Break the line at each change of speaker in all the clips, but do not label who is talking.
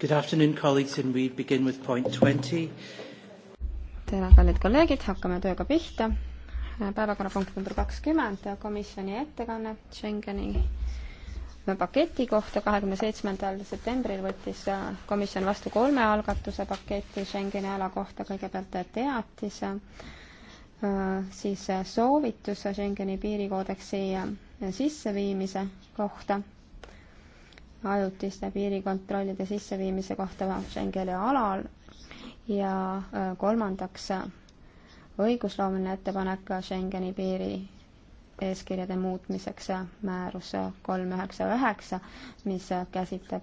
Good afternoon, colleagues, and we begin with point twenty.
tere, kallid kolleegid, hakkame tööga pihta. päevakorrapunkt number kakskümmend, komisjoni ettekanne Schengeni paketi kohta. kahekümne seitsmendal septembril võttis äh, komisjon vastu kolme algatuse paketi Schengeni ala kohta, kõigepealt teatis, äh, siis soovitus Schengeni piirikoodeksi äh, sisseviimise kohta ajutiste piirikontrollide sisseviimise kohta Schengeni alal ja äh, kolmandaks õigusloomeline ettepanek Schengeni piiri eeskirjade muutmiseks määrus kolm üheksa üheksa, mis käsitleb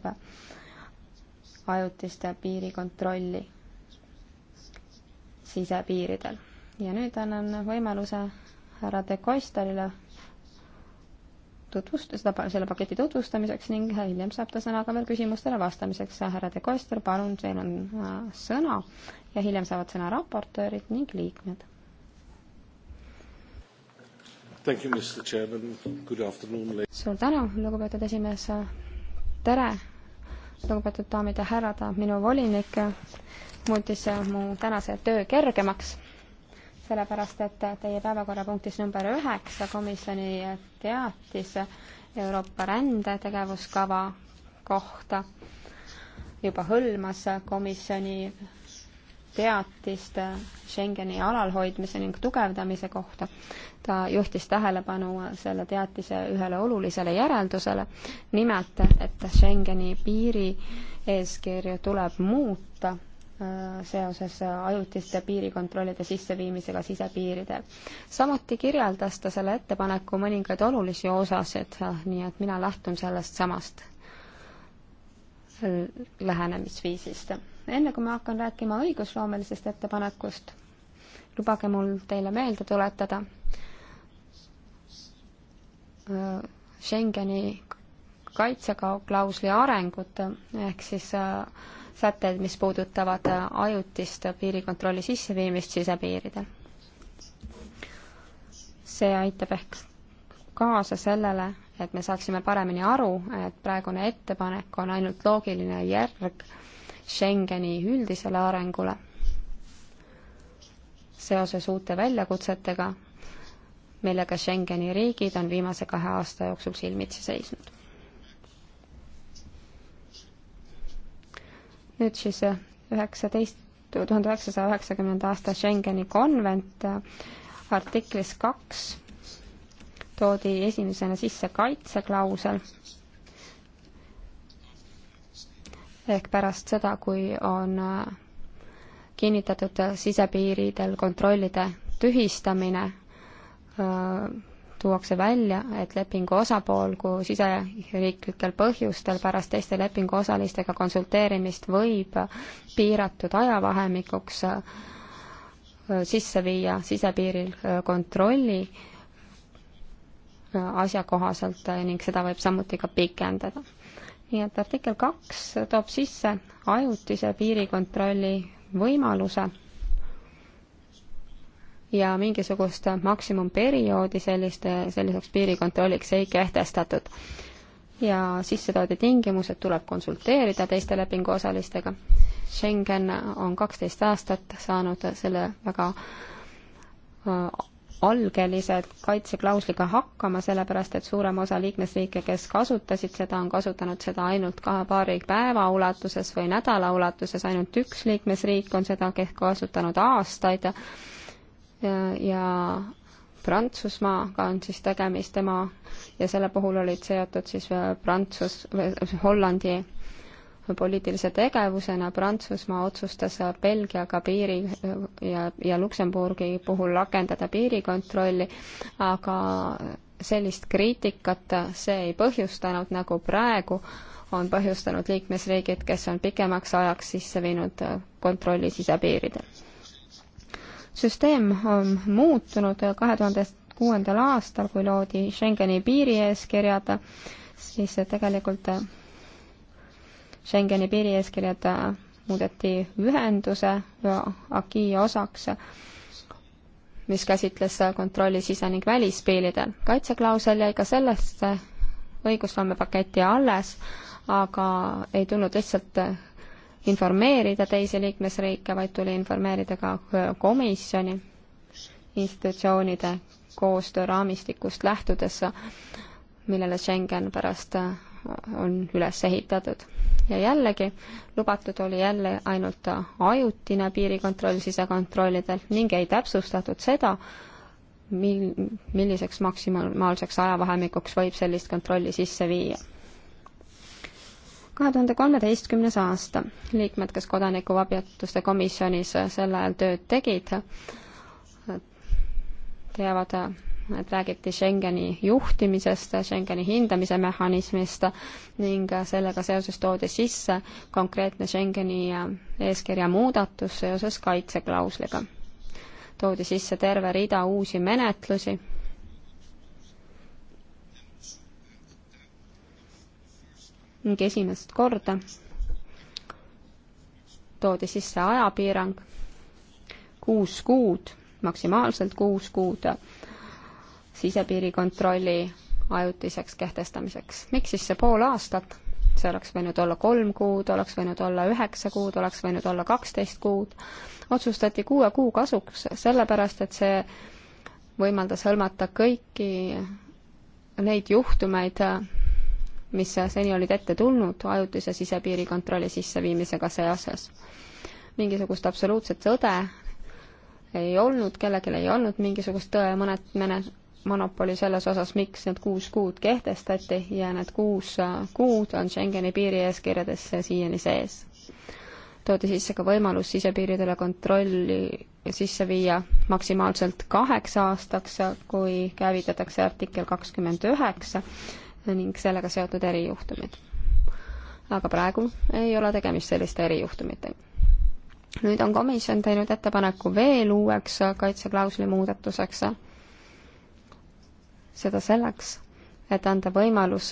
ajutiste piirikontrolli sisepiiridel. ja nüüd annan võimaluse härra De Koisterile tutvust-, seda, selle paketi tutvustamiseks ning hiljem saab ta sõna ka veel küsimustele vastamiseks. härra De Koester, palun, teil on äh, sõna ja hiljem saavad sõna raportöörid ning liikmed. suur tänu, lugupeetud esimees. tere, lugupeetud daamid ja härrad, minu volinik muutis mu tänase töö kergemaks sellepärast et teie päevakorrapunktis number üheksa komisjoni teatis Euroopa rändetegevuskava kohta juba hõlmas komisjoni teatist Schengeni alalhoidmise ning tugevdamise kohta. ta juhtis tähelepanu selle teatise ühele olulisele järeldusele, nimelt, et Schengeni piiri eeskirju tuleb muuta Äh, seoses äh, ajutiste piirikontrollide sisseviimisega sisepiiridel. samuti kirjeldas ta selle ettepaneku mõningaid olulisi osasid, äh, nii et mina lähtun sellest samast lähenemisviisist. enne kui ma hakkan rääkima õigusloomelisest ettepanekust, lubage mul teile meelde tuletada Schengeni kaitseklausli arengut, ehk siis äh, sätted, mis puudutavad ajutist piirikontrolli sisseviimist sisepiiridel. see aitab ehk kaasa sellele, et me saaksime paremini aru, et praegune ettepanek on ainult loogiline järg Schengeni üldisele arengule seoses uute väljakutsetega, millega Schengeni riigid on viimase kahe aasta jooksul silmitsi seisnud. nüüd siis äh, üheksateist, tuhande üheksasaja üheksakümnenda aasta Schengeni konvent äh, artiklis kaks toodi esimesena sisse kaitseklausel ehk pärast seda, kui on äh, kinnitatud sisepiiridel kontrollide tühistamine tuuakse välja, et lepingu osapool, kui siseriiklikel põhjustel pärast teiste lepinguosalistega konsulteerimist võib piiratud ajavahemikuks äh, sisse viia sisepiiril äh, kontrolli äh, asjakohaselt ning seda võib samuti ka pikendada. nii et artikkel kaks toob sisse ajutise piirikontrolli võimaluse ja mingisugust maksimumperioodi selliste, selliseks piirikontrolliks ei kehtestatud. ja sissetoodi tingimused tuleb konsulteerida teiste lepinguosalistega. Schengen on kaksteist aastat saanud selle väga algelise kaitseklausliga hakkama, sellepärast et suurem osa liikmesriike, kes kasutasid seda, on kasutanud seda ainult kahe paari päeva ulatuses või nädala ulatuses, ainult üks liikmesriik on seda kasutanud aastaid ja Prantsusmaaga on siis tegemist tema ja selle puhul olid seotud siis äh, Prantsus, äh, Hollandi poliitilise tegevusena Prantsusmaa otsustas äh, Belgiaga piiri ja, ja Luksemburgi puhul rakendada piirikontrolli, aga sellist kriitikat see ei põhjustanud, nagu praegu on põhjustanud liikmesriigid, kes on pikemaks ajaks sisse viinud kontrolli sisepiiridel süsteem on muutunud kahe tuhande kuuendal aastal, kui loodi Schengeni piirieeskirjad, siis tegelikult Schengeni piirieeskirjad muudeti ühenduse ja AKI osaks mis käsitles kontrolli sise- ning välispiiridel. kaitseklausel jäi ka sellesse õigusloomepaketi alles, aga ei tulnud lihtsalt informeerida teisi liikmesriike, vaid tuli informeerida ka komisjoni institutsioonide koostööraamistikust lähtudes, millele Schengen pärast on üles ehitatud. ja jällegi, lubatud oli jälle ainult ajutine piirikontroll sisekontrollidelt ning ei täpsustatud seda, mil, milliseks maksimaalseks ajavahemikuks võib sellist kontrolli sisse viia kahe tuhande kolmeteistkümnes aasta. liikmed, kes kodanikuvabaduste komisjonis sel ajal tööd tegid, teavad, et räägiti Schengeni juhtimisest, Schengeni hindamise mehhanismist ning sellega seoses toodi sisse konkreetne Schengeni eeskirja muudatus seoses kaitseklausliga. toodi sisse terve rida uusi menetlusi ning esimest korda toodi sisse ajapiirang, kuus kuud, maksimaalselt kuus kuud sisepiirikontrolli ajutiseks kehtestamiseks. miks siis see pool aastat? see oleks võinud olla kolm kuud, oleks võinud olla üheksa kuud, oleks võinud olla kaksteist kuud. otsustati kuue kuu kasuks, sellepärast et see võimaldas hõlmata kõiki neid juhtumeid, mis seni olid ette tulnud ajutise sisepiiri kontrolli sisseviimisega seoses. mingisugust absoluutset sõde ei olnud, kellelgi ei olnud mingisugust tõe mõnet mene-, monopoli selles osas, miks need kuus kuud kehtestati ja need kuus kuud on Schengeni piirieeskirjades siiani sees. toodi sisse ka võimalus sisepiiridele kontrolli sisse viia maksimaalselt kaheks aastaks, kui käivitatakse artikkel kakskümmend üheksa ning sellega seotud erijuhtumid. aga praegu ei ole tegemist selliste erijuhtumitega. nüüd on komisjon teinud ettepaneku veel uueks kaitseklausli muudatuseks, seda selleks, et anda võimalus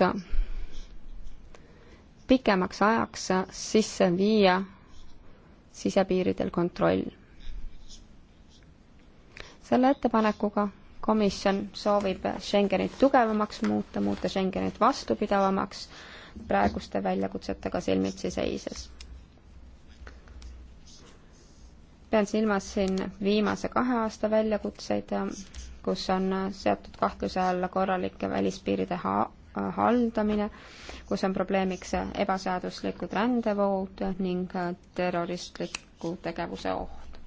pikemaks ajaks sisse viia sisepiiridel kontroll. selle ettepanekuga komisjon soovib Schengenit tugevamaks muuta, muuta Schengenit vastupidavamaks praeguste väljakutsetega silmitsi seises. pean silmas siin viimase kahe aasta väljakutseid, kus on seatud kahtluse alla korralike välispiiride ha-, haldamine, kus on probleemiks ebaseaduslikud rändevood ning terroristliku tegevuse oht.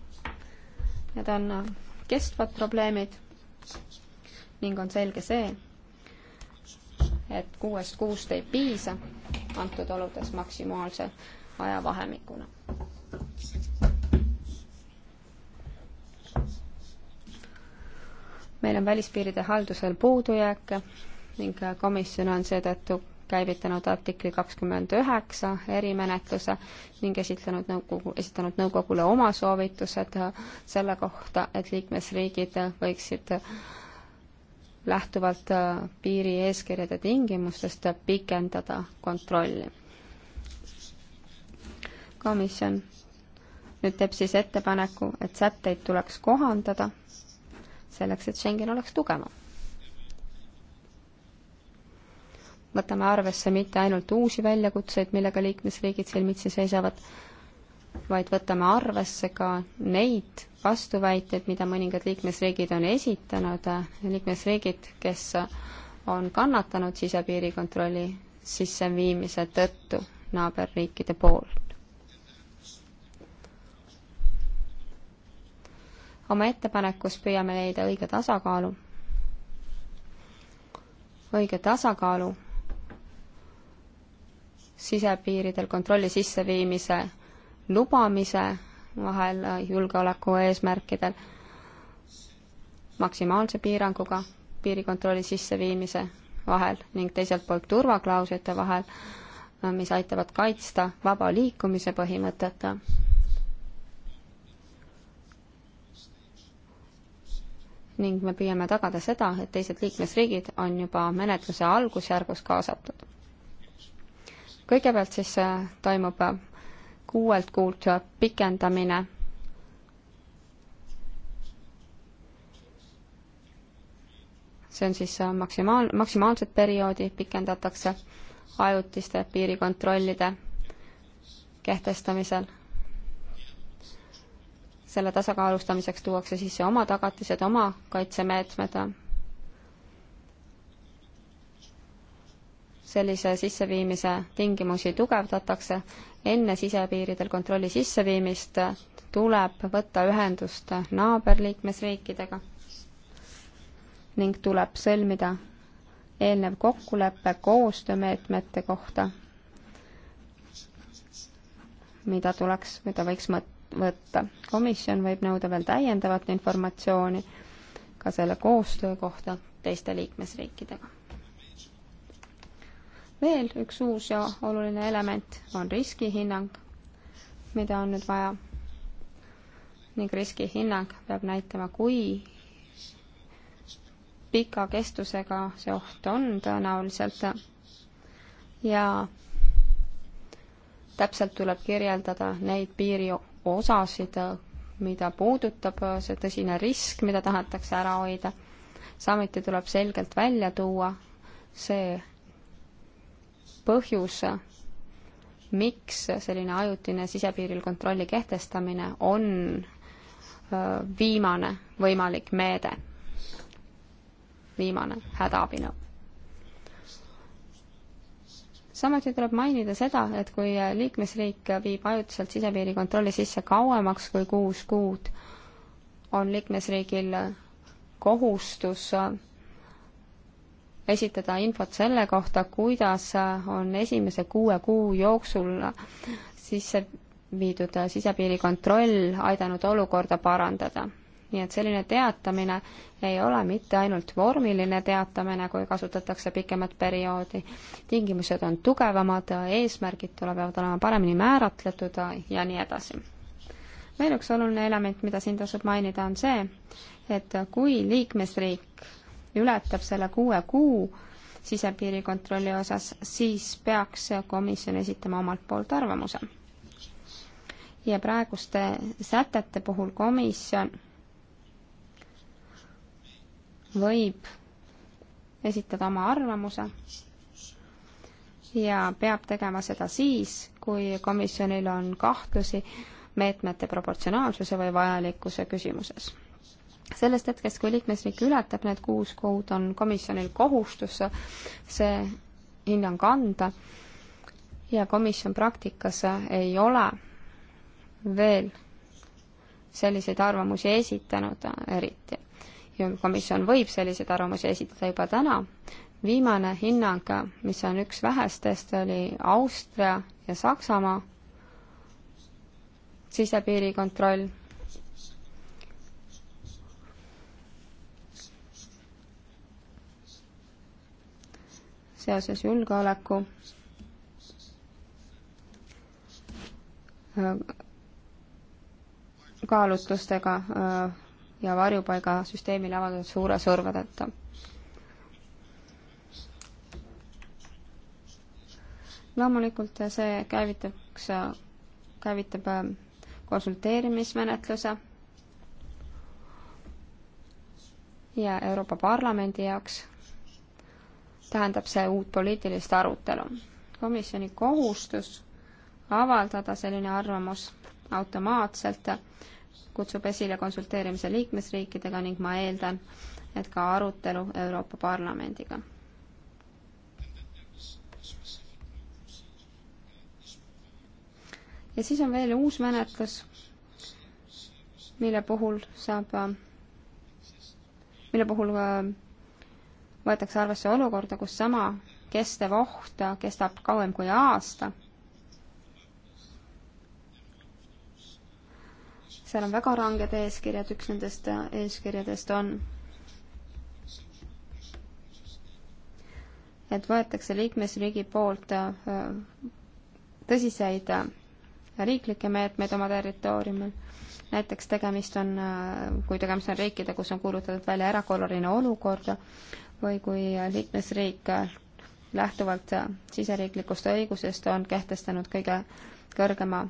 Need on kestvad probleemid ning on selge see, et kuuest kuust ei piisa antud oludes maksimaalse ajavahemikuna. meil on välispiiride haldusel puudujääke ning komisjon on seetõttu käivitanud artikli kakskümmend üheksa erimenetluse ning esitlenud nõukogu, esitanud nõukogule oma soovitused selle kohta, et liikmesriigid võiksid lähtuvalt piirieeskirjade tingimustest pikendada kontrolli. komisjon nüüd teeb siis ettepaneku, et sätteid tuleks kohandada selleks, et Schengen oleks tugevam võtame arvesse mitte ainult uusi väljakutseid, millega liikmesriigid silmitsi seisavad, vaid võtame arvesse ka neid vastuväiteid, mida mõningad liikmesriigid on esitanud, liikmesriigid, kes on kannatanud sisepiirikontrolli sisseviimise tõttu naaberriikide poolt. oma ettepanekus püüame leida õige tasakaalu, õige tasakaalu sisepiiridel kontrolli sisseviimise lubamise vahel äh, julgeoleku eesmärkidel maksimaalse piiranguga piirikontrolli sisseviimise vahel ning teiselt poolt turvaklauslite vahel, äh, mis aitavad kaitsta vaba liikumise põhimõtet. ning me püüame tagada seda, et teised liikmesriigid on juba menetluse algusjärgus kaasatud kõigepealt siis äh, toimub äh, kuuelt kuult äh, pikendamine see on siis maksimaal, maksimaalset perioodi pikendatakse ajutiste piirikontrollide kehtestamisel. selle tasakaalustamiseks tuuakse sisse oma tagatised, oma kaitsemeetmed sellise sisseviimise tingimusi tugevdatakse. enne sisepiiridel kontrolli sisseviimist tuleb võtta ühendust naaberliikmesriikidega ning tuleb sõlmida eelnev kokkulepe koostöömeetmete kohta, mida tuleks, mida võiks võtta. komisjon võib nõuda veel täiendavat informatsiooni ka selle koostöö kohta teiste liikmesriikidega veel üks uus ja oluline element on riskihinnang, mida on nüüd vaja. ning riskihinnang peab näitama, kui pika kestusega see oht on tõenäoliselt ja täpselt tuleb kirjeldada neid piiriosasid, mida puudutab see tõsine risk, mida tahetakse ära hoida. samuti tuleb selgelt välja tuua see põhjus, miks selline ajutine sisepiiril kontrolli kehtestamine on viimane võimalik meede, viimane hädaabinõu. samuti tuleb mainida seda, et kui liikmesriik viib ajutiselt sisepiiri kontrolli sisse kauemaks kui kuus kuud, on liikmesriigil kohustus esitada infot selle kohta, kuidas on esimese kuue kuu jooksul sisse viidud sisepiirikontroll aidanud olukorda parandada. nii et selline teatamine ei ole mitte ainult vormiline teatamine, kui kasutatakse pikemat perioodi, tingimused on tugevamad, eesmärgid peavad olema paremini määratletud ja nii edasi. veel üks oluline element, mida siin tasub mainida, on see, et kui liikmesriik ületab selle kuue kuu sisepiirikontrolli osas, siis peaks komisjon esitama omalt poolt arvamuse. ja praeguste sätete puhul komisjon võib esitada oma arvamuse ja peab tegema seda siis, kui komisjonil on kahtlusi meetmete proportsionaalsuse või vajalikkuse küsimuses sellest hetkest, kui liikmesriik ületab need kuus kuud, on komisjonil kohustus see hinnang anda ja komisjon praktikas ei ole veel selliseid arvamusi esitanud eriti. komisjon võib selliseid arvamusi esitada juba täna. viimane hinnang, mis on üks vähestest, oli Austria ja Saksamaa sisepiirikontroll seoses julgeoleku äh, kaalutlustega äh, ja varjupaigasüsteemile avaldatud suure surve tõttu. loomulikult see käivitaks, käivitab äh, konsulteerimismenetluse ja Euroopa Parlamendi jaoks tähendab see uut poliitilist arutelu. komisjoni kohustus avaldada selline arvamus automaatselt kutsub esile konsulteerimise liikmesriikidega ning ma eeldan, et ka arutelu Euroopa Parlamendiga. ja siis on veel uus menetlus, mille puhul saab, mille puhul äh, võetakse arvesse olukorda, kus sama kestev oht kestab kauem kui aasta. seal on väga ranged eeskirjad, üks nendest eeskirjadest on, et võetakse liikmesriigi poolt äh, tõsiseid riiklikke meetmeid oma territooriumil. näiteks tegemist on, äh, kui tegemist on riikide, kus on kuulutatud välja erakorraline olukord või kui liikmesriik äh, lähtuvalt äh, siseriiklikust õigusest on kehtestanud kõige kõrgema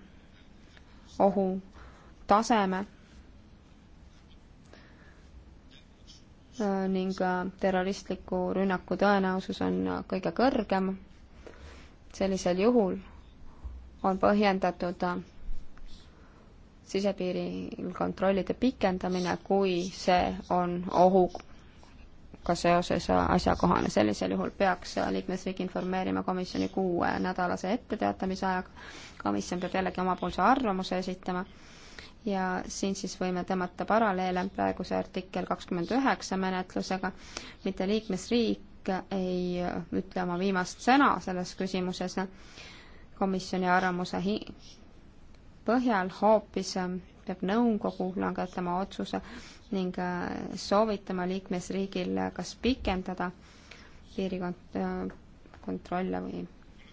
ohu taseme ning terroristliku rünnaku tõenäosus on kõige kõrgem. sellisel juhul on põhjendatud äh, sisepiiril kontrollide pikendamine, kui see on ohuga seoses äh, asjakohane. sellisel juhul peaks äh, liikmesriik informeerima komisjoni kuuenädalase etteteatamise ajaga. komisjon peab jällegi omapoolse arvamuse esitama ja siin siis võime tõmmata paralleele praeguse artikkel kakskümmend üheksa menetlusega, mitte liikmesriik ei ütle oma viimast sõna selles küsimuses komisjoni arvamuse hi-, põhjal hoopis ähm, peab nõukogu langetama otsuse ning äh, soovitama liikmesriigil äh, kas pikendada piirikontrolle äh, või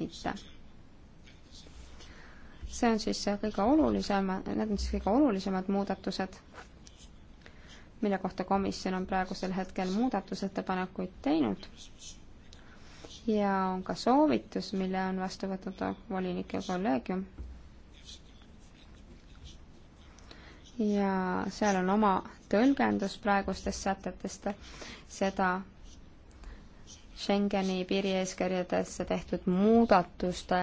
mitte. see on siis kõige olulisem, need on siis kõige olulisemad muudatused, mille kohta komisjon on praegusel hetkel muudatusettepanekuid teinud ja on ka soovitus, mille on vastu võtnud volinike kolleegium. ja seal on oma tõlgendus praegustest sätetest, seda Schengeni piirieeskirjadesse tehtud muudatuste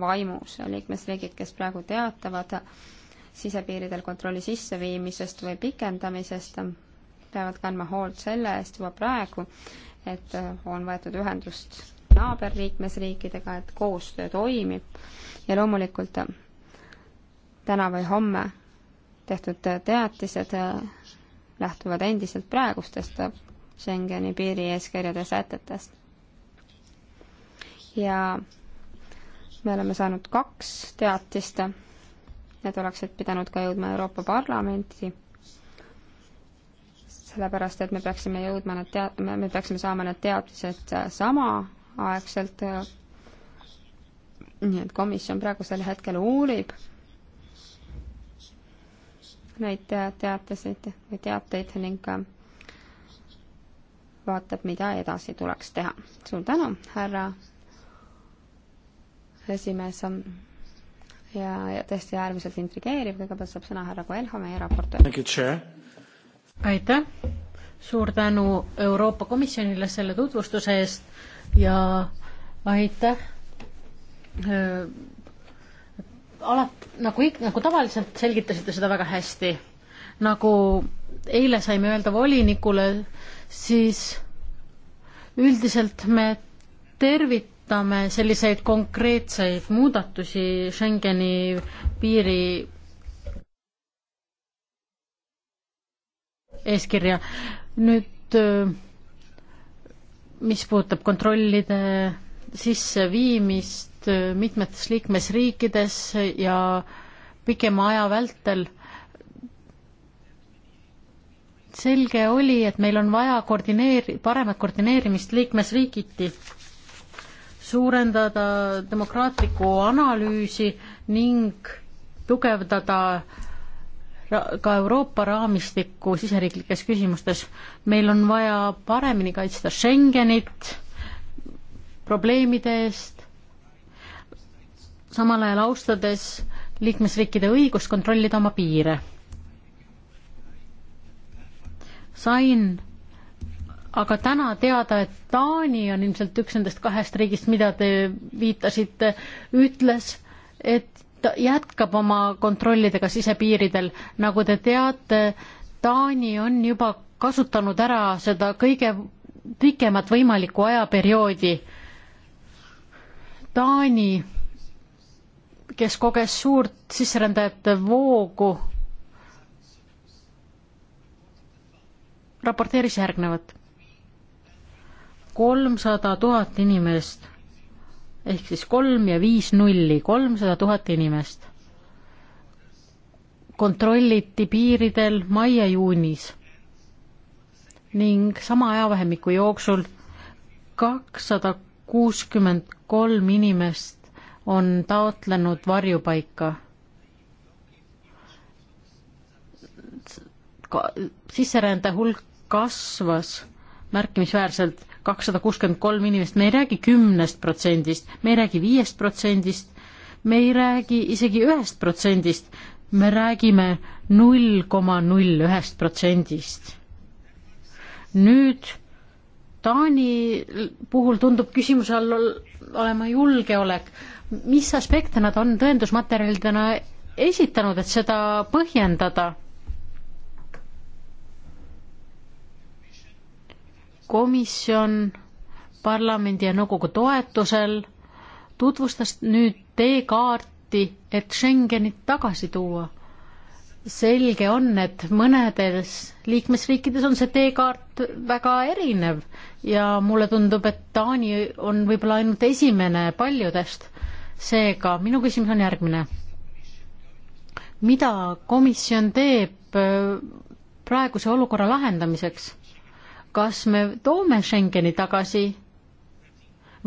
vaimus. liikmesriigid, kes praegu teatavad sisepiiridel kontrolli sisseviimisest või pikendamisest, peavad kandma hoolt selle eest juba praegu, et on võetud ühendust naaberliikmesriikidega, et koostöö toimib ja loomulikult äh, täna või homme tehtud äh, teatised äh, lähtuvad endiselt praegustest Schengeni piirieeskirjade sätetest. ja me oleme saanud kaks teatist, need oleksid pidanud ka jõudma Euroopa Parlamenti sellepärast et me peaksime jõudma need tea-, me peaksime saama need teadmised sama aegselt. nii et komisjon praegusel hetkel uurib neid teatesid või teateid ning äh, vaatab, mida edasi tuleks teha. suur tänu, härra esimees on ja, ja tõesti äärmiselt intrigeeriv, kõigepealt saab sõna härra
Koelho, meie raportöör. aitäh, suur tänu Euroopa Komisjonile selle tutvustuse eest ja aitäh alat-, nagu ik-, nagu tavaliselt selgitasite seda väga hästi. nagu eile saime öelda volinikule, siis üldiselt me tervitame selliseid konkreetseid muudatusi Schengeni piiri eeskirja. nüüd mis puudutab kontrollide sisseviimist mitmetes liikmesriikides ja pikema aja vältel selge oli, et meil on vaja koordineeri-, paremat koordineerimist liikmesriigiti, suurendada demokraatlikku analüüsi ning tugevdada ka Euroopa raamistikku siseriiklikes küsimustes. meil on vaja paremini kaitsta Schengenit probleemide eest, samal ajal austades liikmesriikide õigust kontrollida oma piire. sain aga täna teada, et Taani on ilmselt üks nendest kahest riigist, mida te viitasite, ütles, et Liit jätkab oma kontrollidega sisepiiridel. nagu te teate, Taani on juba kasutanud ära seda kõige pikemat võimalikku ajaperioodi. Taani, kes koges suurt sisserändajate voogu, raporteeris järgnevat. kolmsada tuhat inimest ehk siis kolm ja viis nulli, kolmsada tuhat inimest. kontrolliti piiridel mai ja juunis ning sama ajavahemiku jooksul kakssada kuuskümmend kolm inimest on taotlenud varjupaika. sisserände hulk kasvas märkimisväärselt kakssada kuuskümmend kolm inimest, me ei räägi kümnest protsendist, me ei räägi viiest protsendist, me ei räägi isegi ühest protsendist, me räägime null koma null ühest protsendist. nüüd Taani puhul tundub küsimuse all olema julgeolek. mis aspekte nad on tõendusmaterjalidena esitanud, et seda põhjendada? komisjon parlamendi ja nõukogu toetusel tutvustas nüüd teekaarti, et Schengenit tagasi tuua. selge on, et mõnedes liikmesriikides on see teekaart väga erinev ja mulle tundub, et Taani on võib-olla ainult esimene paljudest. seega minu küsimus on järgmine. mida komisjon teeb äh, praeguse olukorra lahendamiseks? kas me toome Schengeni tagasi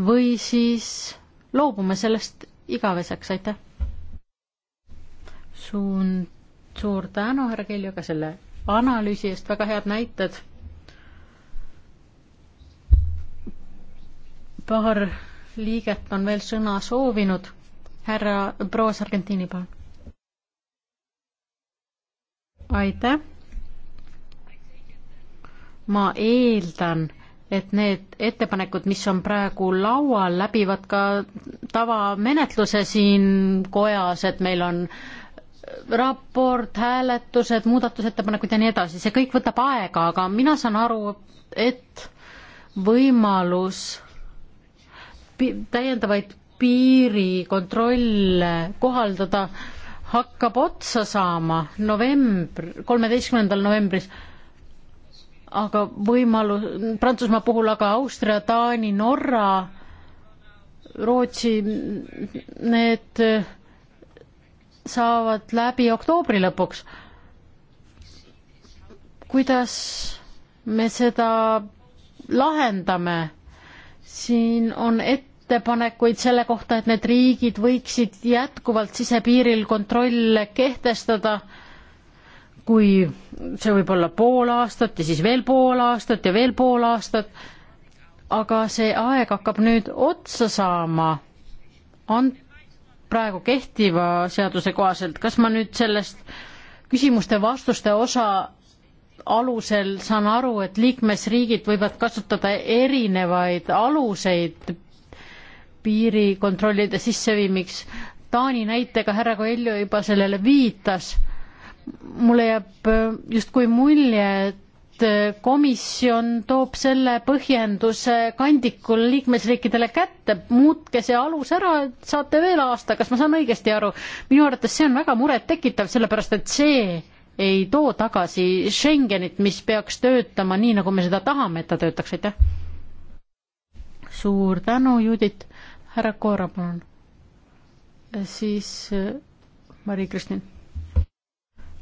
või siis loobume sellest igaveseks, aitäh! suun-, suur tänu, härra Keljo, ka selle analüüsi eest, väga head näited. paar liiget on veel sõna soovinud. härra proua Sargentini, palun. aitäh ma eeldan, et need ettepanekud, mis on praegu laual, läbivad ka tavamenetluse siin kojas, et meil on raport, hääletused, muudatusettepanekud ja nii edasi, see kõik võtab aega, aga mina saan aru, et võimalus pi täiendavaid piirikontrolle kohaldada hakkab otsa saama novembr, kolmeteistkümnendal novembris aga võimalus, Prantsusmaa puhul aga Austria, Taani, Norra, Rootsi, need saavad läbi oktoobri lõpuks. kuidas me seda lahendame? siin on ettepanekuid selle kohta, et need riigid võiksid jätkuvalt sisepiiril kontrolle kehtestada kui see võib olla pool aastat ja siis veel pool aastat ja veel pool aastat, aga see aeg hakkab nüüd otsa saama. on praegu kehtiva seaduse kohaselt, kas ma nüüd sellest küsimuste-vastuste osa alusel saan aru, et liikmesriigid võivad kasutada erinevaid aluseid piirikontrollide sisseviimiks. Taani näitega härra Koeljo juba sellele viitas mulle jääb äh, justkui mulje, et äh, komisjon toob selle põhjenduse kandikul liikmesriikidele kätte, muutke see alus ära, et saate veel aasta, kas ma saan õigesti aru? minu arvates see on väga murettekitav, sellepärast et see ei too tagasi Schengenit, mis peaks töötama nii, nagu me seda tahame, et ta töötaks, aitäh. suur tänu, Judit. härra Koora, palun. siis äh, Mari-Kristin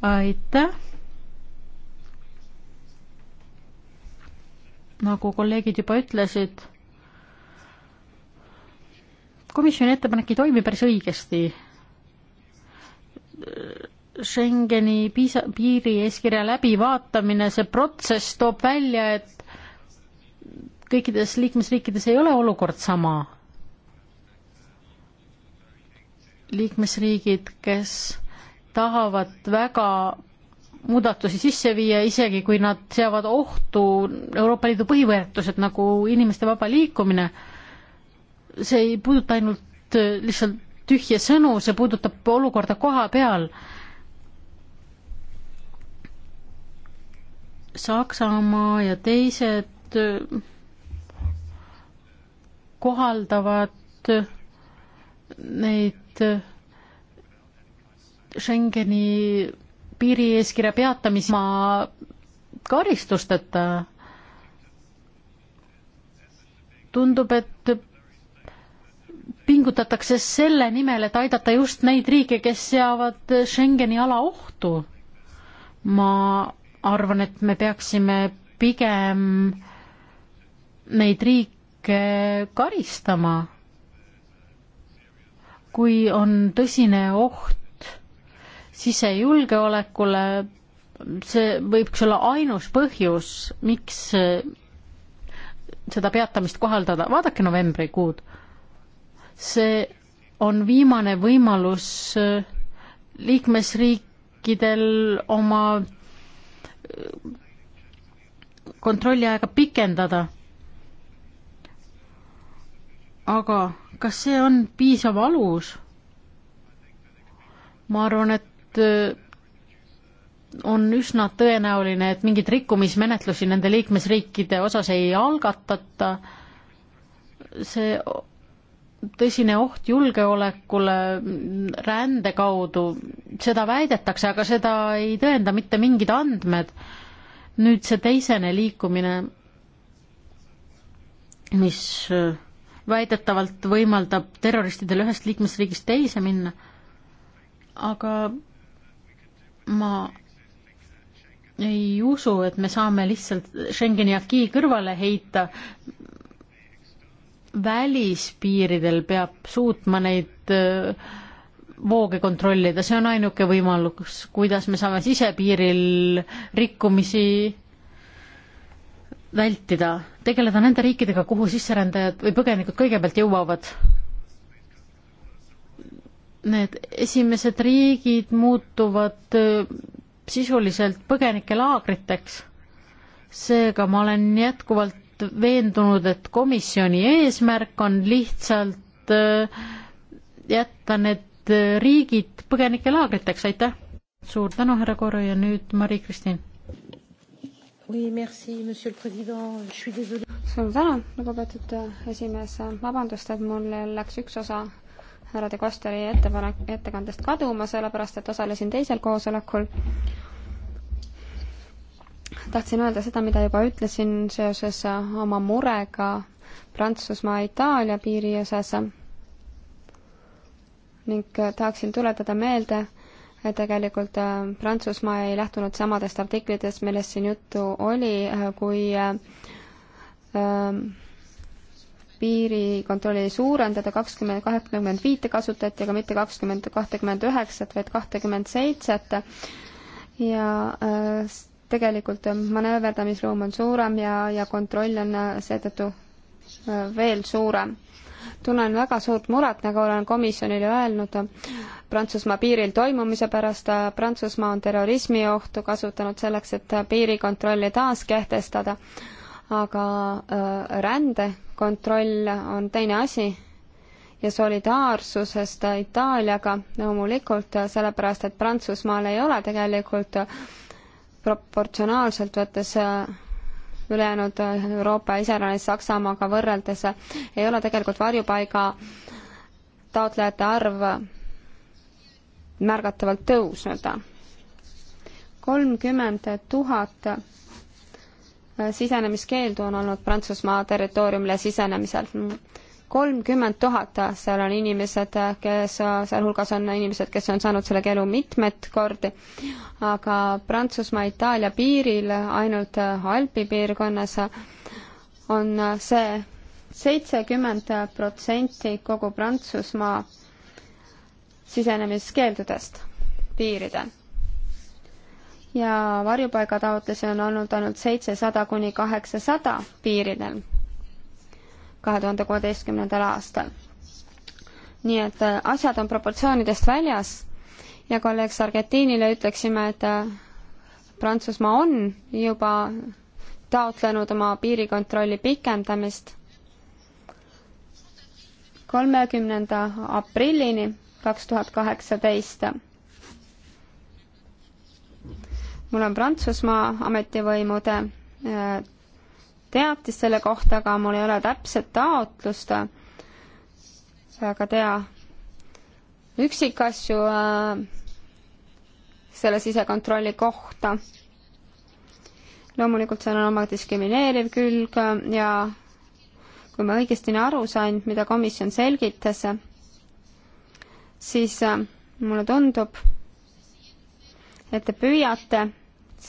aitäh. nagu kolleegid juba ütlesid, komisjoni ettepanek ei toimi päris õigesti. Schengeni piisa, piirieeskirja läbivaatamine, see protsess toob välja, et kõikides liikmesriikides ei ole olukord sama. liikmesriigid, kes tahavad väga muudatusi sisse viia, isegi kui nad seavad ohtu Euroopa Liidu põhivõetused nagu inimeste vaba liikumine. see ei puuduta ainult äh, lihtsalt tühje sõnu, see puudutab olukorda koha peal. Saksamaa ja teised äh, kohaldavad äh, neid Schengeni piirieeskirja peatamisma karistusteta. tundub, et pingutatakse selle nimel, et aidata just neid riike, kes seavad Schengeni ala ohtu. ma arvan, et me peaksime pigem neid riike karistama, kui on tõsine oht sisejulgeolekule, see võiks olla ainus põhjus, miks eh, seda peatamist kohaldada, vaadake novembrikuud. see on viimane võimalus eh, liikmesriikidel oma eh, kontrolliaega pikendada. aga kas see on piisav alus? ma arvan, et Äh, on üsna tõenäoline, et mingeid rikkumismenetlusi nende liikmesriikide osas ei algatata. see tõsine oht julgeolekule rände kaudu, seda väidetakse, aga seda ei tõenda mitte mingid andmed. nüüd see teisene liikumine, mis äh, väidetavalt võimaldab terroristidel ühest liikmesriigist teise minna, aga ma ei usu, et me saame lihtsalt Schengeni akii kõrvale heita. välispiiridel peab suutma neid äh, vooge kontrollida, see on ainuke võimalus, kuidas me saame sisepiiril rikkumisi vältida, tegeleda nende riikidega, kuhu sisserändajad või põgenikud kõigepealt jõuavad need esimesed riigid muutuvad äh, sisuliselt põgenikelaagriteks. seega ma olen jätkuvalt veendunud, et komisjoni eesmärk on lihtsalt äh, jätta need äh, riigid põgenikelaagriteks, aitäh! suur tänu, härra Koru ja nüüd Mari-Kristin.
suur tänu, lugupeetud esimees, vabandust, et mul läks üks osa härra De Kosteri ettepanek, ettekandest kaduma, sellepärast et osalesin teisel koosolekul. tahtsin öelda seda, mida juba ütlesin seoses oma murega Prantsusmaa-Itaalia piiri osas ning tahaksin tuletada meelde, et tegelikult äh, Prantsusmaa ei lähtunud samadest artiklitest, millest siin juttu oli, äh, kui ähm, piirikontrolli suurendada kakskümmend, kahtekümmend viite kasutati, aga mitte kakskümmend, kahtekümmend üheksat, vaid kahtekümmend seitset. ja äh, tegelikult manööverdamisruum on suurem ja, ja kontroll on äh, seetõttu äh, veel suurem tunnen väga suurt muret, nagu olen komisjonile öelnud, Prantsusmaa piiril toimumise pärast. Prantsusmaa on terrorismiohtu kasutanud selleks, et piirikontrolli taas kehtestada, aga rände kontroll on teine asi ja solidaarsusest Itaaliaga loomulikult, sellepärast et Prantsusmaal ei ole tegelikult proportsionaalselt võttes äh, ülejäänud äh, Euroopa, iseäranis Saksamaaga võrreldes, äh, ei ole tegelikult varjupaiga taotlejate arv märgatavalt tõusnud. kolmkümmend tuhat Äh, sisenemiskeeldu on olnud Prantsusmaa territooriumile sisenemisel. kolmkümmend tuhat, seal on inimesed, kes, sealhulgas on inimesed, kes on saanud selle keelu mitmeid kordi, aga Prantsusmaa-Itaalia piiril, ainult Alpi piirkonnas on see seitsekümmend protsenti kogu Prantsusmaa sisenemiskeeldudest piiridel ja varjupaigataotlusi on olnud ainult seitsesada kuni kaheksasada piiridel kahe tuhande kuueteistkümnendal aastal. nii et äh, asjad on proportsioonidest väljas ja kolleeg Sargentinile ütleksime, et äh, Prantsusmaa on juba taotlenud oma piirikontrolli pikendamist kolmekümnenda aprillini kaks tuhat kaheksateist mul on Prantsusmaa ametivõimude äh, teatis selle kohta, aga mul ei ole täpset taotlust väga äh, tea üksikasju äh, selle sisekontrolli kohta. loomulikult seal on oma diskrimineeriv külg ja kui ma õigesti aru sain, mida komisjon selgitas, siis mulle tundub, et te püüate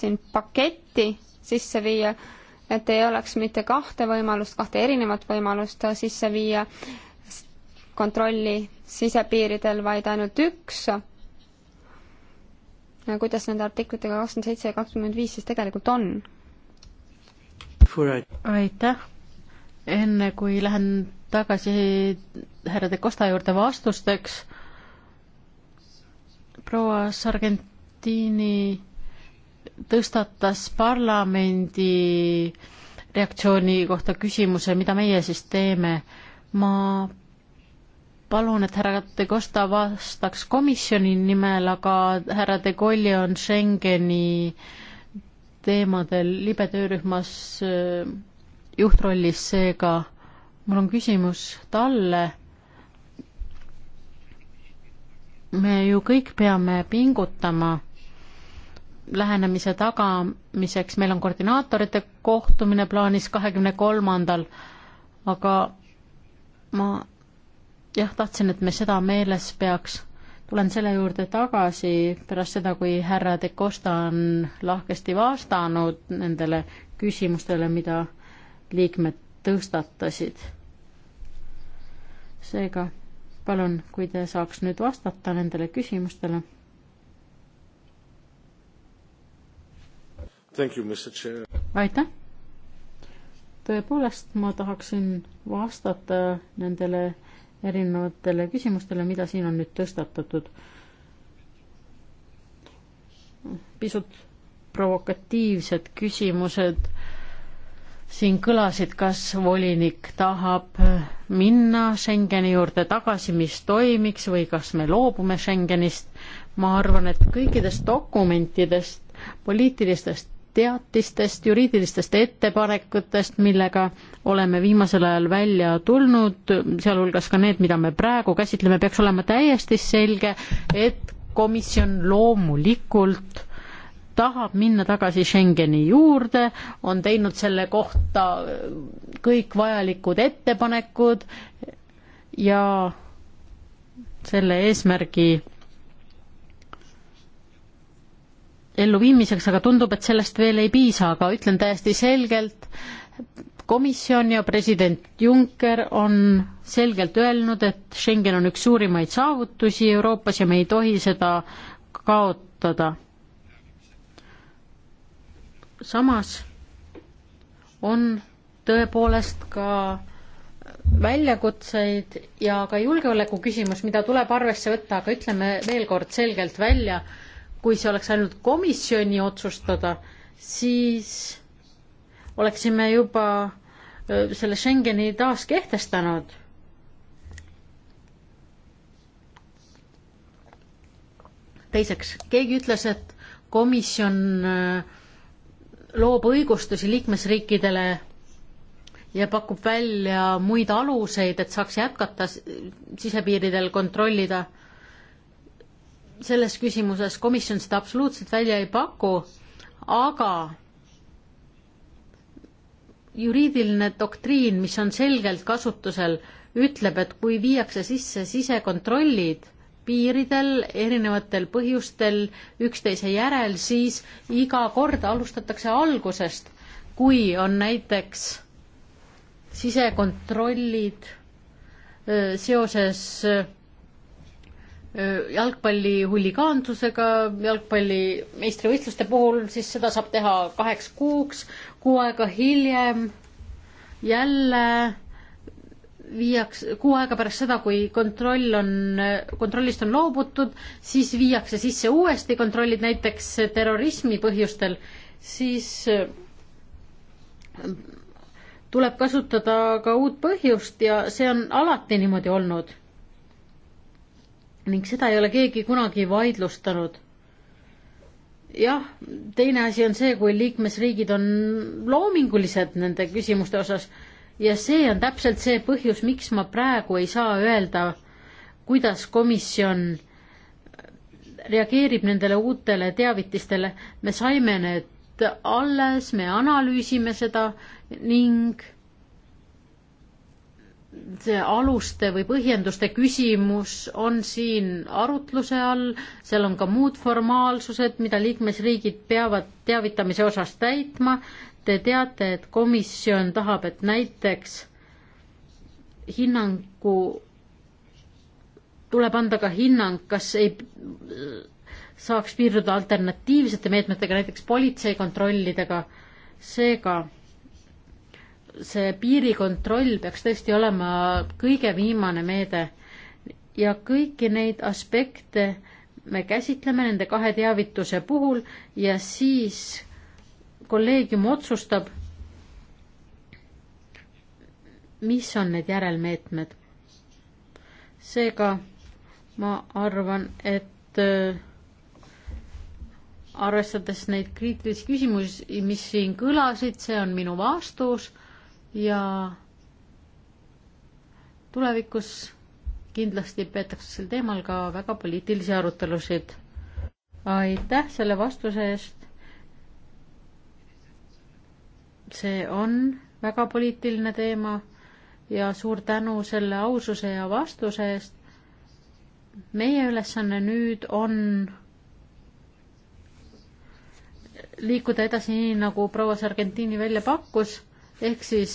siin paketti sisse viia, et ei oleks mitte kahte võimalust, kahte erinevat võimalust sisse viia kontrolli sisepiiridel, vaid ainult üks. kuidas nende artiklitega
kakskümmend seitse ja kakskümmend viis siis tegelikult on? aitäh! enne kui lähen tagasi härra De Costa juurde vastusteks, proua Sargentini tõstatas parlamendi reaktsiooni kohta küsimuse, mida meie siis teeme. ma palun, et härra De Costa vastaks komisjoni nimel, aga härra De Colli on Schengeni teemadel libe töörühmas äh, juhtrollis, seega mul on küsimus talle. me ju kõik peame pingutama lähenemise tagamiseks, meil on koordinaatorite kohtumine plaanis kahekümne kolmandal, aga ma jah, tahtsin, et me seda meeles peaks. tulen selle juurde tagasi pärast seda, kui härra De Costa on lahkesti vastanud nendele küsimustele, mida liikmed tõstatasid. seega palun, kui te saaks nüüd vastata nendele küsimustele aitäh! tõepoolest, ma tahaksin vastata nendele erinevatele küsimustele, mida siin on nüüd tõstatatud. pisut provokatiivsed küsimused siin kõlasid, kas volinik tahab minna Schengeni juurde tagasi, mis toimiks või kas me loobume Schengenist. ma arvan, et kõikidest dokumentidest, poliitilistest teatistest, juriidilistest ettepanekutest, millega oleme viimasel ajal välja tulnud, sealhulgas ka need, mida me praegu käsitleme, peaks olema täiesti selge, et komisjon loomulikult tahab minna tagasi Schengeni juurde, on teinud selle kohta kõik vajalikud ettepanekud ja selle eesmärgi elluviimiseks, aga tundub, et sellest veel ei piisa, aga ütlen täiesti selgelt, komisjon ja president Juncker on selgelt öelnud, et Schengen on üks suurimaid saavutusi Euroopas ja me ei tohi seda kaotada. samas on tõepoolest ka väljakutseid ja ka julgeoleku küsimus, mida tuleb arvesse võtta, aga ütleme veel kord selgelt välja, kui see oleks ainult komisjoni otsustada, siis oleksime juba selle Schengeni taas kehtestanud. teiseks, keegi ütles, et komisjon loob õigustusi liikmesriikidele ja pakub välja muid aluseid, et saaks jätkata sisepiiridel kontrollida selles küsimuses komisjon seda absoluutselt välja ei paku, aga juriidiline doktriin, mis on selgelt kasutusel, ütleb, et kui viiakse sisse sisekontrollid piiridel erinevatel põhjustel üksteise järel, siis iga kord alustatakse algusest, kui on näiteks sisekontrollid äh, seoses äh, jalgpalli huligaansusega, jalgpalli meistrivõistluste puhul, siis seda saab teha kaheks kuuks, kuu aega hiljem jälle viiakse, kuu aega pärast seda, kui kontroll on, kontrollist on loobutud, siis viiakse sisse uuesti kontrollid näiteks terrorismi põhjustel, siis äh, tuleb kasutada ka uut põhjust ja see on alati niimoodi olnud ning seda ei ole keegi kunagi vaidlustanud. jah, teine asi on see, kui liikmesriigid on loomingulised nende küsimuste osas ja see on täpselt see põhjus, miks ma praegu ei saa öelda, kuidas komisjon reageerib nendele uutele teavitistele. me saime need alles, me analüüsime seda ning see aluste või põhjenduste küsimus on siin arutluse all, seal on ka muud formaalsused, mida liikmesriigid peavad teavitamise osas täitma. Te teate, et komisjon tahab, et näiteks hinnangu, tuleb anda ka hinnang, kas ei saaks piirduda alternatiivsete meetmetega, näiteks politseikontrollidega. seega see piirikontroll peaks tõesti olema kõige viimane meede ja kõiki neid aspekte me käsitleme nende kahe teavituse puhul ja siis kolleegium otsustab, mis on need järelmeetmed. seega ma arvan, et äh, arvestades neid kriitilisi küsimusi, mis siin kõlasid, see on minu vastus ja tulevikus kindlasti peetakse sel teemal ka väga poliitilisi arutelusid. aitäh selle vastuse eest. see on väga poliitiline teema ja suur tänu selle aususe ja vastuse eest. meie ülesanne nüüd on liikuda edasi nii, nagu proua Sargentini välja pakkus ehk siis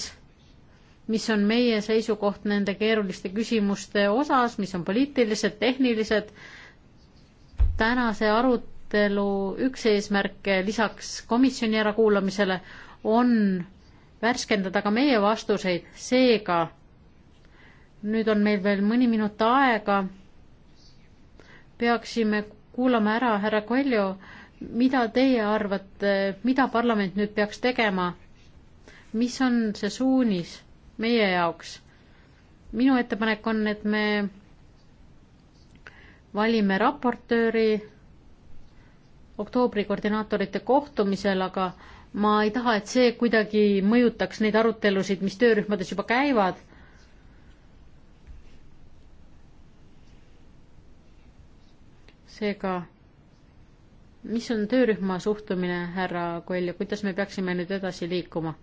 mis on meie seisukoht nende keeruliste küsimuste osas, mis on poliitilised, tehnilised. tänase arutelu üks eesmärke lisaks komisjoni ärakuulamisele on värskendada ka meie vastuseid, seega nüüd on meil veel mõni minut aega. peaksime kuulama ära, härra Koljo, mida teie arvate, mida parlament nüüd peaks tegema mis on see suunis meie jaoks? minu ettepanek on, et me valime raportööri oktoobri koordinaatorite kohtumisel, aga ma ei taha, et see kuidagi mõjutaks neid arutelusid, mis töörühmades juba käivad. seega, mis on töörühma suhtumine, härra Koelja, kuidas me peaksime nüüd edasi liikuma?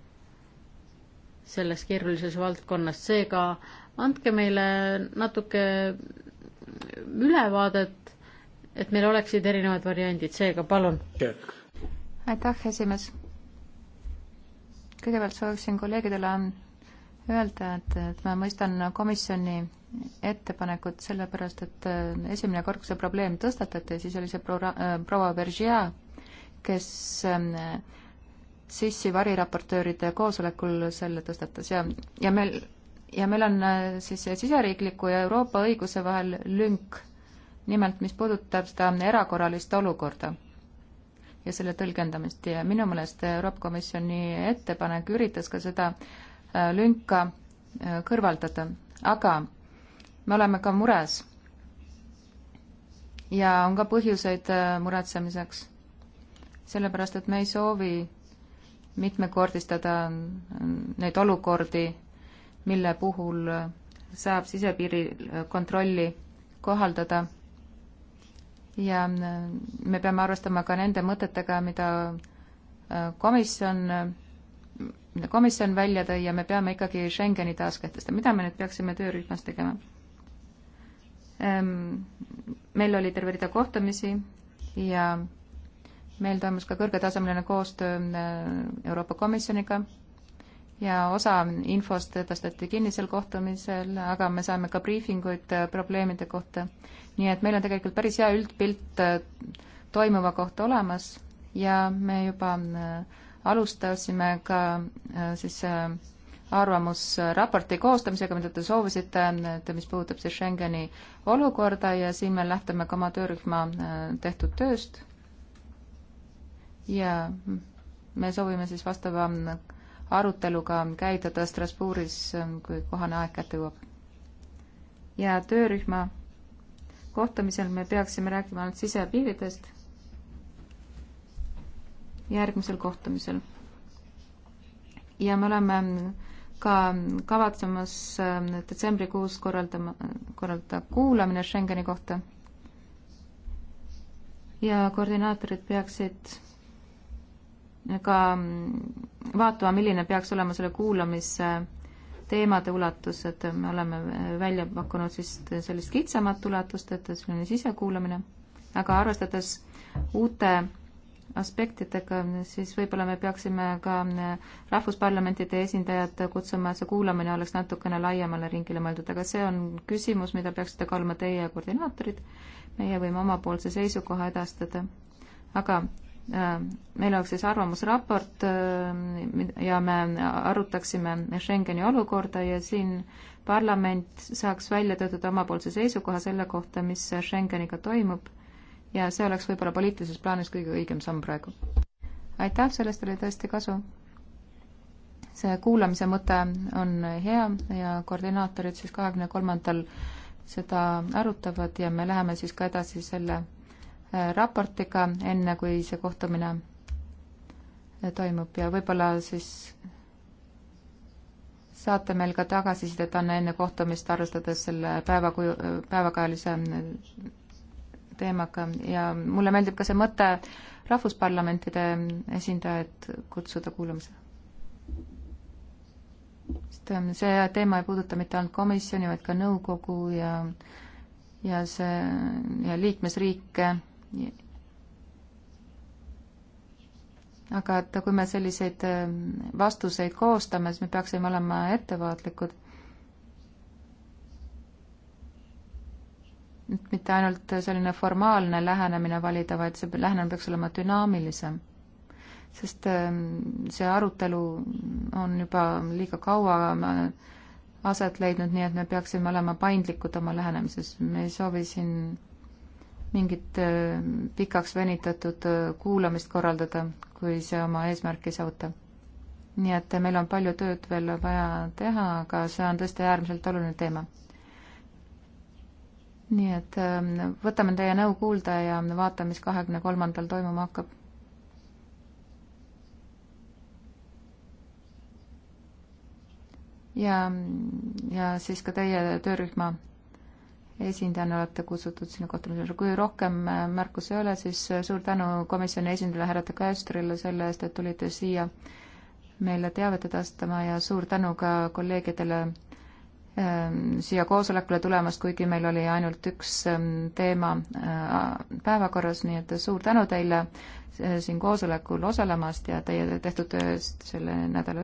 selles keerulises valdkonnas, seega andke meile natuke ülevaadet, et meil oleksid erinevad variandid, seega palun. aitäh, esimees. kõigepealt sooviksin kolleegidele
öelda, et, et ma mõistan komisjoni ettepanekut sellepärast, et äh, esimene kord, kui see probleem tõstatati, siis oli see proua, äh, proua Bergia, kes äh, Sissi variraportööride koosolekul selle tõstatas ja, ja meil, ja meil on äh, siis siseriikliku ja Euroopa õiguse vahel lünk, nimelt mis puudutab seda erakorralist olukorda ja selle tõlgendamist ja minu meelest Euroopa Komisjoni ettepanek üritas ka seda äh, lünka äh, kõrvaldada, aga me oleme ka mures. ja on ka põhjuseid muretsemiseks. sellepärast, et me ei soovi mitmekordistada neid olukordi, mille puhul saab sisepiiril kontrolli kohaldada. ja me peame arvestama ka nende mõtetega, mida komisjon, mida komisjon välja tõi ja me peame ikkagi Schengeni taaskehtestama. mida me nüüd peaksime töörühmas tegema? Ehm, meil oli terve rida kohtumisi ja meil toimus ka kõrgetasemeline koostöö äh, Euroopa Komisjoniga ja osa infost edastati kinnisel kohtumisel, aga me saime ka briifinguid äh, probleemide kohta. nii et meil on tegelikult päris hea üldpilt äh, toimuva kohta olemas ja me juba alustasime ka siis arvamusraporti koostamisega, mida te soovisite, et mis puudutab siis Schengeni olukorda ja siin me lähtume ka oma töörühma tehtud tööst ja me soovime siis vastava aruteluga käitada Strasbourgis, kui kohane aeg kätte jõuab. ja töörühma kohtumisel me peaksime rääkima ainult sisepiiridest järgmisel kohtumisel. ja me oleme ka kavatsemas ähm, detsembrikuus korraldama, korraldada kuulamine Schengeni kohta. ja koordinaatorid peaksid ka mm, vaatama, milline peaks olema selle kuulamise teemade ulatus, et me oleme välja pakkunud siis sellist kitsamat ulatust, et selline sisekuulamine, aga arvestades uute aspektidega, siis võib-olla me peaksime ka mm, rahvusparlamentide esindajad kutsuma, see kuulamine oleks natukene laiemale ringile mõeldud, aga see on küsimus, mida peaksite kaaluma teie koordinaatorid. meie võime omapoolse seisukoha edastada. aga Äh, meil oleks siis arvamusraport äh, ja me arutaksime Schengeni olukorda ja siin parlament saaks välja töötada omapoolse seisukoha selle kohta, mis Schengeniga toimub ja see oleks võib-olla poliitilises plaanis kõige õigem samm praegu. aitäh, sellest oli tõesti kasu. see kuulamise mõte on hea ja koordinaatorid siis kahekümne kolmandal seda arutavad ja me läheme siis ka edasi selle raportiga, enne kui see kohtumine toimub ja võib-olla siis saate meil ka tagasisidet anna enne kohtumist, arvestades selle päevakuju, päevakajalise teemaga ja mulle meeldib ka see mõte rahvusparlamentide esindajaid kutsuda kuulamisele. sest ähm, see teema ei puuduta mitte ainult komisjoni, vaid ka nõukogu ja, ja see, ja liikmesriike aga et kui me selliseid äh, vastuseid koostame, siis me peaksime olema ettevaatlikud. et mitte ainult selline formaalne lähenemine valida, vaid see lähenemine peaks olema dünaamilisem. sest ähm, see arutelu on juba liiga kaua aset leidnud, nii et me peaksime olema paindlikud oma lähenemises, me ei soovi siin mingit äh, pikaks venitatud äh, kuulamist korraldada, kui see oma eesmärki ei saavuta. nii et meil on palju tööd veel vaja teha, aga see on tõesti äärmiselt oluline teema. nii et ähm, võtame teie nõu kuulda ja vaatame, mis kahekümne kolmandal toimuma hakkab. ja, ja siis ka teie töörühma esindajana olete kutsutud sinna kohtumisele. kui rohkem äh, märkusi ei ole, siis äh, suur tänu komisjoni esindajale härra De Castrile selle eest, et tulite siia meile teavet edastama ja suur tänu ka kolleegidele ähm, siia koosolekule tulemast, kuigi meil oli ainult üks ähm, teema äh, päevakorras, nii et suur tänu teile siin koosolekul osalemast ja teie tehtud töö eest selle nädala